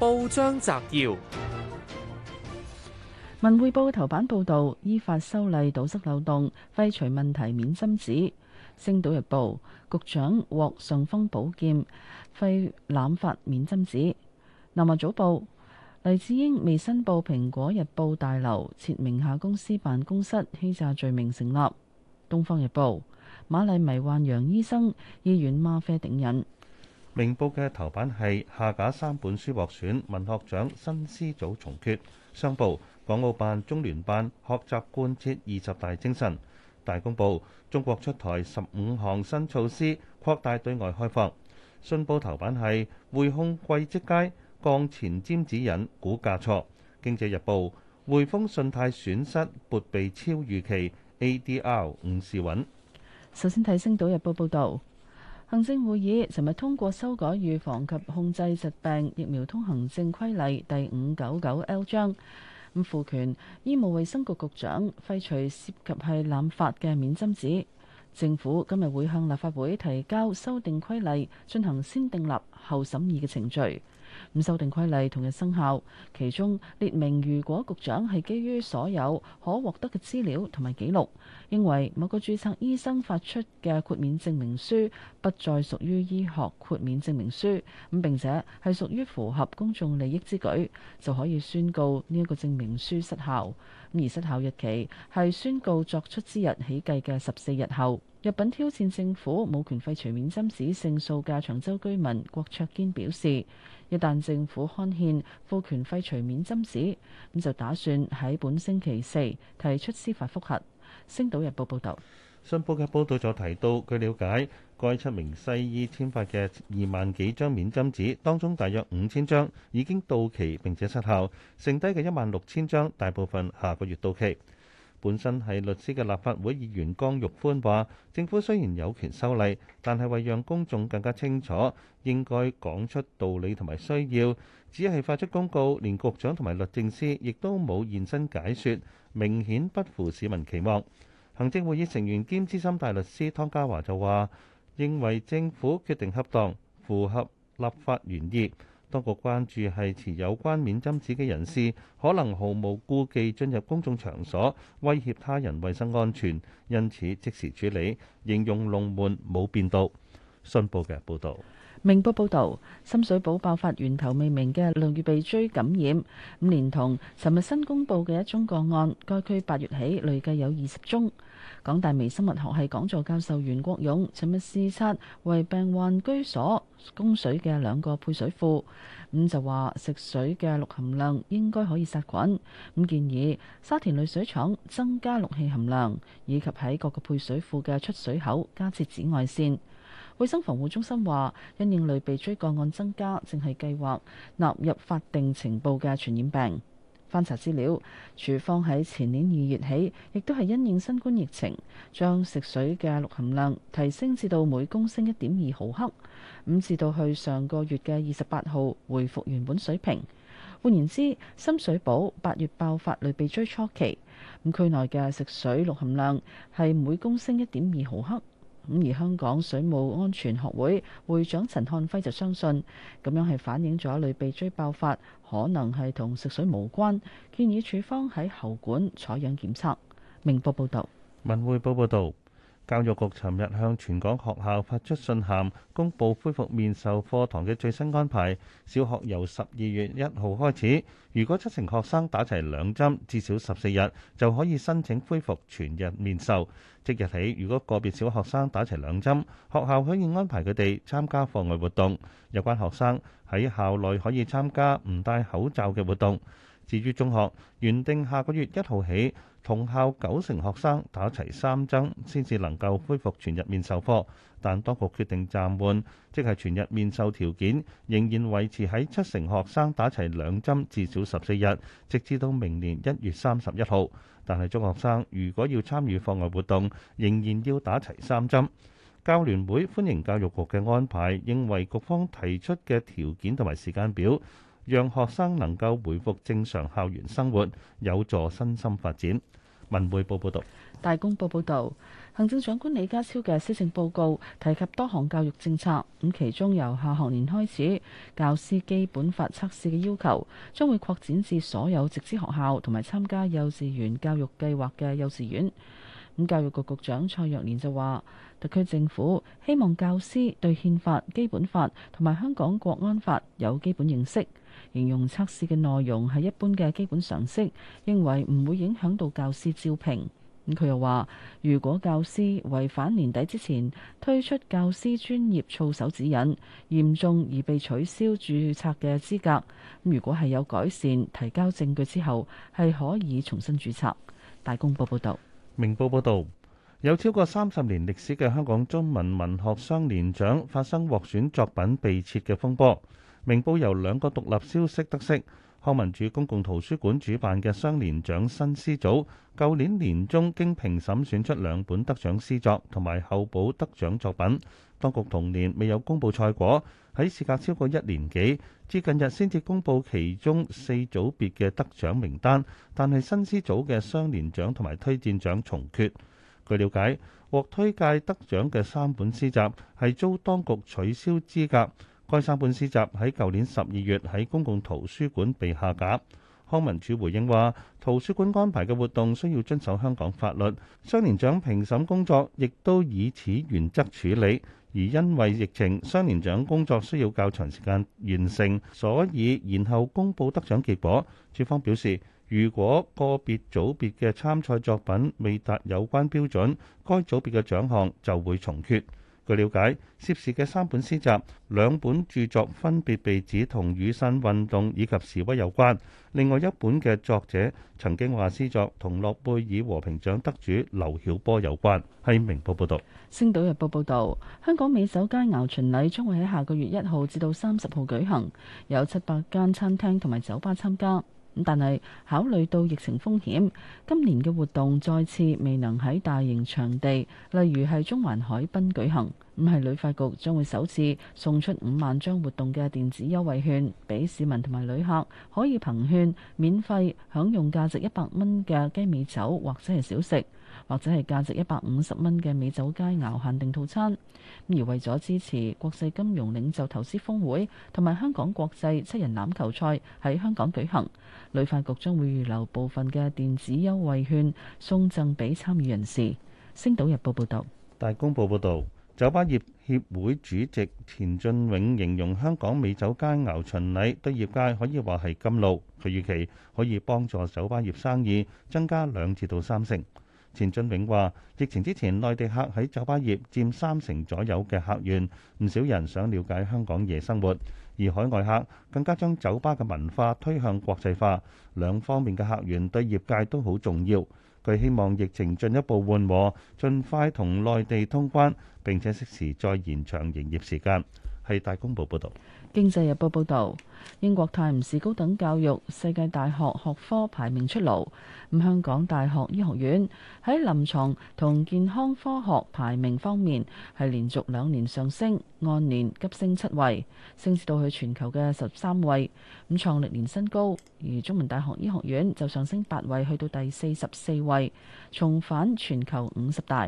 報章摘要：《文匯報》頭版報道，依法修例堵塞漏洞，廢除問題免針紙；《星島日報》局長獲尚方寶劍，廢濫發免針紙；《南華早報》黎智英未申報，蘋果日報大樓設名下公司辦公室，欺詐罪，罪名成立；《東方日報》瑪麗迷幻洋醫生，醫院嗎啡頂癮。明報嘅頭版係下架三本書獲選文學獎，新詩組重缺。商報、港澳辦、中聯辦學習貫徹二十大精神。大公報，中國出台十五項新措施擴大對外開放。信報頭版係匯控季績佳降前瞻指引股價挫。經濟日報，匯豐信貸損失撥備超預期，ADR 五時穩。首先睇星島日報報導。行政會議尋日通過修改預防及控制疾病疫苗通行證規例第五九九 L 章，咁賦權醫務衛生局局長廢除涉及係濫發嘅免針紙。政府今日會向立法會提交修訂規例，進行先訂立後審議嘅程序。咁修訂規例同日生效，其中列明，如果局長係基於所有可獲得嘅資料同埋記錄，認為某個註冊醫生發出嘅豁免證明書不再屬於醫學豁免證明書，咁並且係屬於符合公眾利益之舉，就可以宣告呢一個證明書失效。而失效日期係宣告作出之日起計嘅十四日後。入稟挑戰政府冇權廢除免針紙，勝訴嘅長洲居民郭卓堅表示：一旦政府刊憲，賦權廢除免針紙，咁就打算喺本星期四提出司法覆核。星島日報報道。新報嘅報導就提到，據了解，該七名西醫簽發嘅二萬幾張免針紙，當中大約五千張已經到期並且失效，剩低嘅一萬六千張大部分下個月到期。本身係律師嘅立法會議員江玉歡話：政府雖然有權修例，但係為讓公眾更加清楚，應該講出道理同埋需要。只係發出公告，連局長同埋律政司亦都冇現身解説，明顯不符市民期望。行政會議成員兼資深大律師湯家華就話：認為政府決定恰當，符合立法原意。多個關注係持有關免針紙嘅人士，可能毫無顧忌進入公眾場所，威脅他人衞生安全，因此即時處理，形容龍門冇變道。信報嘅報道。明報報導，深水埗爆發源頭未明嘅六月被追感染，咁連同尋日新公布嘅一宗個案，該區八月起累計有二十宗。港大微生物學系講座教授袁國勇尋日視察為病患居所供水嘅兩個配水庫，咁就話食水嘅氯含量應該可以殺菌，咁建議沙田濾水廠增加氯氣含量，以及喺各個配水庫嘅出水口加設紫外線。衛生防護中心話，因應類鼻疽個案增加，正係計劃納入法定呈報嘅傳染病。翻查資料，處方喺前年二月起，亦都係因應新冠疫情，將食水嘅氯含量提升至到每公升一點二毫克，咁、嗯、至到去上個月嘅二十八號，回復原本水平。換言之，深水埗八月爆發類鼻疽初期，咁區內嘅食水氯含量係每公升一點二毫克。而香港水務安全學會會長陳漢輝就相信，咁樣係反映咗一類鼻疽爆發可能係同食水無關，建議處方喺喉管採樣檢測。明報報道。文匯報報道。教育局尋日向全港學校發出信函，公布恢復面授課堂嘅最新安排。小學由十二月一號開始，如果七成學生打齊兩針，至少十四日就可以申請恢復全日面授。即日起，如果個別小學生打齊兩針，學校可以安排佢哋參加課外活動。有關學生喺校內可以參加唔戴口罩嘅活動。至於中學，原定下個月一號起。同校九成學生打齊三針，先至能夠恢復全日面授課，但當局決定暫緩，即係全日面授條件仍然維持喺七成學生打齊兩針，至少十四日，直至到明年一月三十一號。但係中學生如果要參與課外活動，仍然要打齊三針。教聯會歡迎教育局嘅安排，認為局方提出嘅條件同埋時間表，讓學生能夠回復正常校園生活，有助身心發展。文匯報報道，大公報報道，行政長官李家超嘅施政報告提及多項教育政策，咁其中由下學年開始，教師基本法測試嘅要求將會擴展至所有直資學校同埋參加幼稚園教育計劃嘅幼稚園。咁教育局局長蔡若蓮就話，特區政府希望教師對憲法、基本法同埋香港國安法有基本認識。形容測試嘅內容係一般嘅基本常識，認為唔會影響到教師招聘。咁佢又話，如果教師違反年底之前推出教師專業操守指引，嚴重而被取消註冊嘅資格。如果係有改善，提交證據之後係可以重新註冊。大公報報道，明報報道，有超過三十年歷史嘅香港中文文學雙年獎發生獲選作品被撤嘅風波。明報由兩個獨立消息得悉，康文署公共圖書館主辦嘅雙年獎新詩組，舊年年中經評審選出兩本得獎詩作同埋候補得獎作品，當局同年未有公佈賽果，喺事隔超過一年幾，至近日先至公佈其中四組別嘅得獎名單，但係新詩組嘅雙年獎同埋推薦獎重缺。據了解，獲推介得獎嘅三本詩集係遭當局取消資格。該三本詩集喺舊年十二月喺公共圖書館被下架。康文署回應話：圖書館安排嘅活動需要遵守香港法律，雙年獎評審工作亦都以此原則處理。而因為疫情，雙年獎工作需要較長時間完成，所以延後公佈得獎結果。署方表示，如果個別組別嘅參賽作品未達有關標準，該組別嘅獎項就會從缺。據了解，涉事嘅三本詩集、兩本著作分別被指同雨傘運動以及示威有關，另外一本嘅作者曾經話詩作同諾貝爾和平獎得主劉曉波有關。係明報報導。《星島日報》報道：「香港美酒佳肴巡禮將會喺下個月一號至到三十號舉行，有七百間餐廳同埋酒吧參加。但係考慮到疫情風險，今年嘅活動再次未能喺大型場地，例如係中環海濱舉行。咁係旅發局將會首次送出五萬張活動嘅電子優惠券俾市民同埋旅客，可以憑券免費享用價值一百蚊嘅雞尾酒或者係小食。或者係價值一百五十蚊嘅美酒佳肴限定套餐。咁而為咗支持國際金融領袖投資峯會同埋香港國際七人欖球賽喺香港舉行，旅發局將會預留部分嘅電子優惠券送贈俾參與人士。星島日報報導，大公報報導，酒吧業協會主席錢俊永形容香港美酒佳肴巡禮對業界可以話係甘露，佢預期可以幫助酒吧業生意增加兩至到三成。錢俊永話：疫情之前，內地客喺酒吧業佔三成左右嘅客源，唔少人想了解香港夜生活；而海外客更加將酒吧嘅文化推向國際化，兩方面嘅客源對業界都好重要。佢希望疫情進一步緩和，盡快同內地通關，並且適時再延長營業時間。係大公報報道。經濟日報報道，英國泰晤士高等教育世界大學學科排名出爐，咁香港大學醫學院喺臨床同健康科學排名方面係連續兩年上升，按年急升七位，升至到去全球嘅十三位，咁創歷年新高。而中文大學醫學院就上升八位，去到第四十四位，重返全球五十大。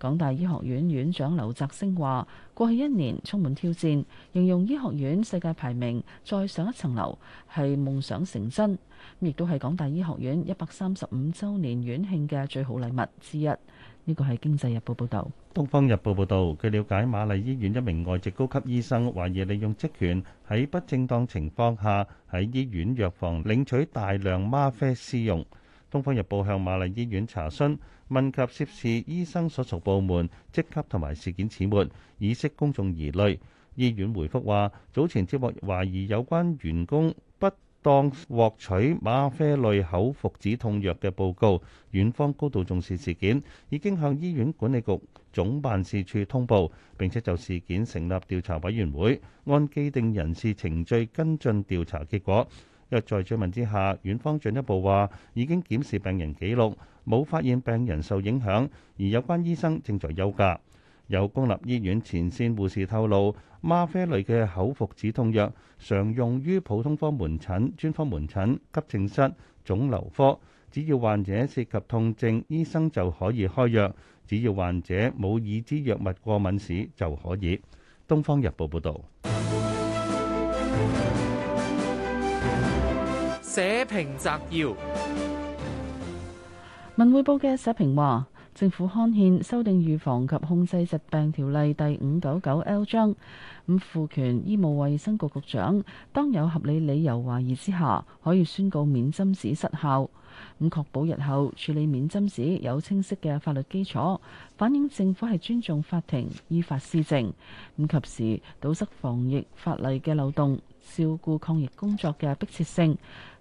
港大醫學院院長劉澤星話：過去一年充滿挑戰，形容醫學院世界排名再上一層樓係夢想成真，咁亦都係港大醫學院一百三十五週年院慶嘅最好禮物之一。呢個係《經濟日報》報導，《東方日報》報導。據瞭解，瑪麗醫院一名外籍高級醫生懷疑利用職權喺不正當情況下喺醫院藥房領取大量嗎啡私用。《東方日報》向瑪麗醫院查詢，問及涉事醫生所屬部門職級同埋事件始末，以釋公眾疑慮。醫院回覆話：早前接獲懷疑有關員工不當獲取嗎啡類口服止痛藥嘅報告，院方高度重視事件，已經向醫院管理局總辦事處通報，並且就事件成立調查委員會，按既定人事程序跟進調查結果。約在追問之下，院方進一步話已經檢視病人記錄，冇發現病人受影響，而有關醫生正在休假。有公立醫院前線護士透露，嗎啡類嘅口服止痛藥常用於普通科門診、專科門診、急症室、腫瘤科，只要患者涉及痛症，醫生就可以開藥，只要患者冇已知藥物過敏史就可以。《東方日報》報導。社評摘要：文匯報嘅社評話，政府刊憲修訂《預防及控制疾病條例》第五九九 L 章，咁賦權醫務衛生局局長，當有合理理由懷疑之下，可以宣告免針紙失效，咁確保日後處理免針紙有清晰嘅法律基礎，反映政府係尊重法庭、依法施政，咁及時堵塞防疫法例嘅漏洞，照顧抗疫工作嘅迫切性。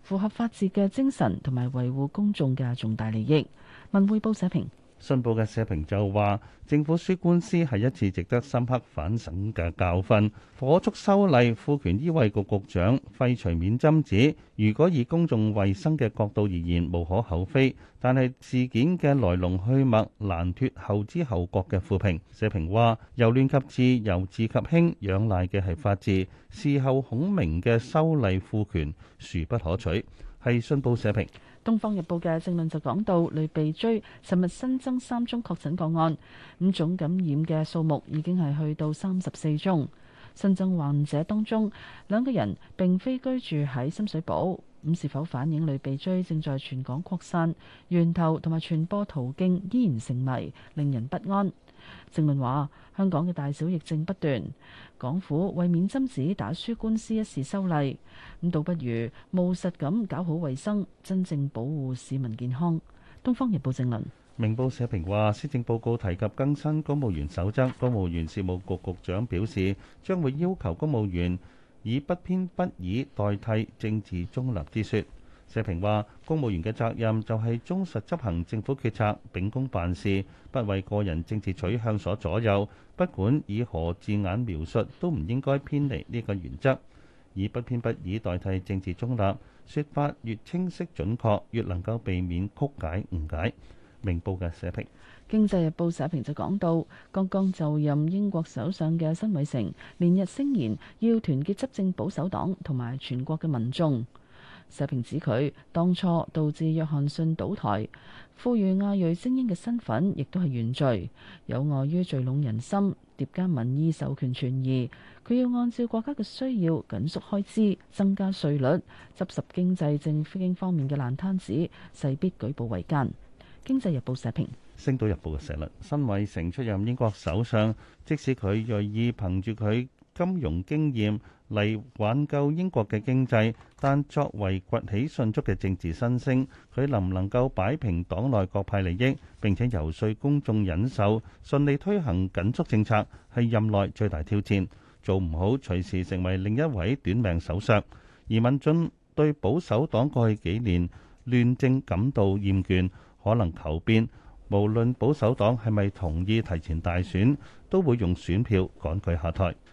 符合法治嘅精神，同埋維護公眾嘅重大利益。文匯報社評。信報嘅社評就話：政府輸官司係一次值得深刻反省嘅教訓。火速修例賦權醫衞局局長廢除免針紙，如果以公眾衞生嘅角度而言無可厚非，但係事件嘅來龍去脈難脫後知後覺嘅負評。社評話：由亂及治，由治及興，仰賴嘅係法治。事後孔明嘅修例賦權殊不可取。係信報社評。《東方日報》嘅正論就講到，類鼻疽尋日新增三宗確診個案，咁總感染嘅數目已經係去到三十四宗。新增患者當中，兩個人並非居住喺深水埗，咁是否反映類鼻疽正在全港擴散，源頭同埋傳播途徑依然成謎，令人不安。正論話香港嘅大小疫症不斷，港府為免針紙打輸官司一事修例咁，倒不如務實咁搞好衛生，真正保護市民健康。東方日報正論。明報社評話，施政報告提及更新公務員守則，公務員事務局局長表示將會要求公務員以不偏不倚代替政治中立之說。社評話：公務員嘅責任就係忠實執行政府決策，秉公辦事，不為個人政治取向所左右。不管以何字眼描述，都唔應該偏離呢個原則。以不偏不倚代替政治中立，説法越清晰準確，越能夠避免曲解誤解。明報嘅社評。《經濟日報》社評就講到，剛剛就任英國首相嘅辛偉誠連日聲言，要團結執政保守黨同埋全國嘅民眾。社評指佢當初導致約翰遜倒台，富裕亞裔精英嘅身份亦都係原罪，有礙於聚攏人心、疊加民意授權存疑。佢要按照國家嘅需要緊縮開支、增加稅率、執拾經濟政府經方面嘅爛攤子，勢必舉步維艱。經濟日報社評，《星島日報》嘅社論：辛偉誠出任英國首相，即使佢銳意憑住佢金融經驗嚟挽救英國嘅經濟，但作為崛起迅速嘅政治新星，佢能唔能夠擺平黨內各派利益，並且遊説公眾忍受，順利推行緊縮政策，係任內最大挑戰。做唔好，隨時成為另一位短命首相。而民眾對保守黨過去幾年亂政感到厭倦，可能求變。無論保守黨係咪同意提前大選，都會用選票趕佢下台。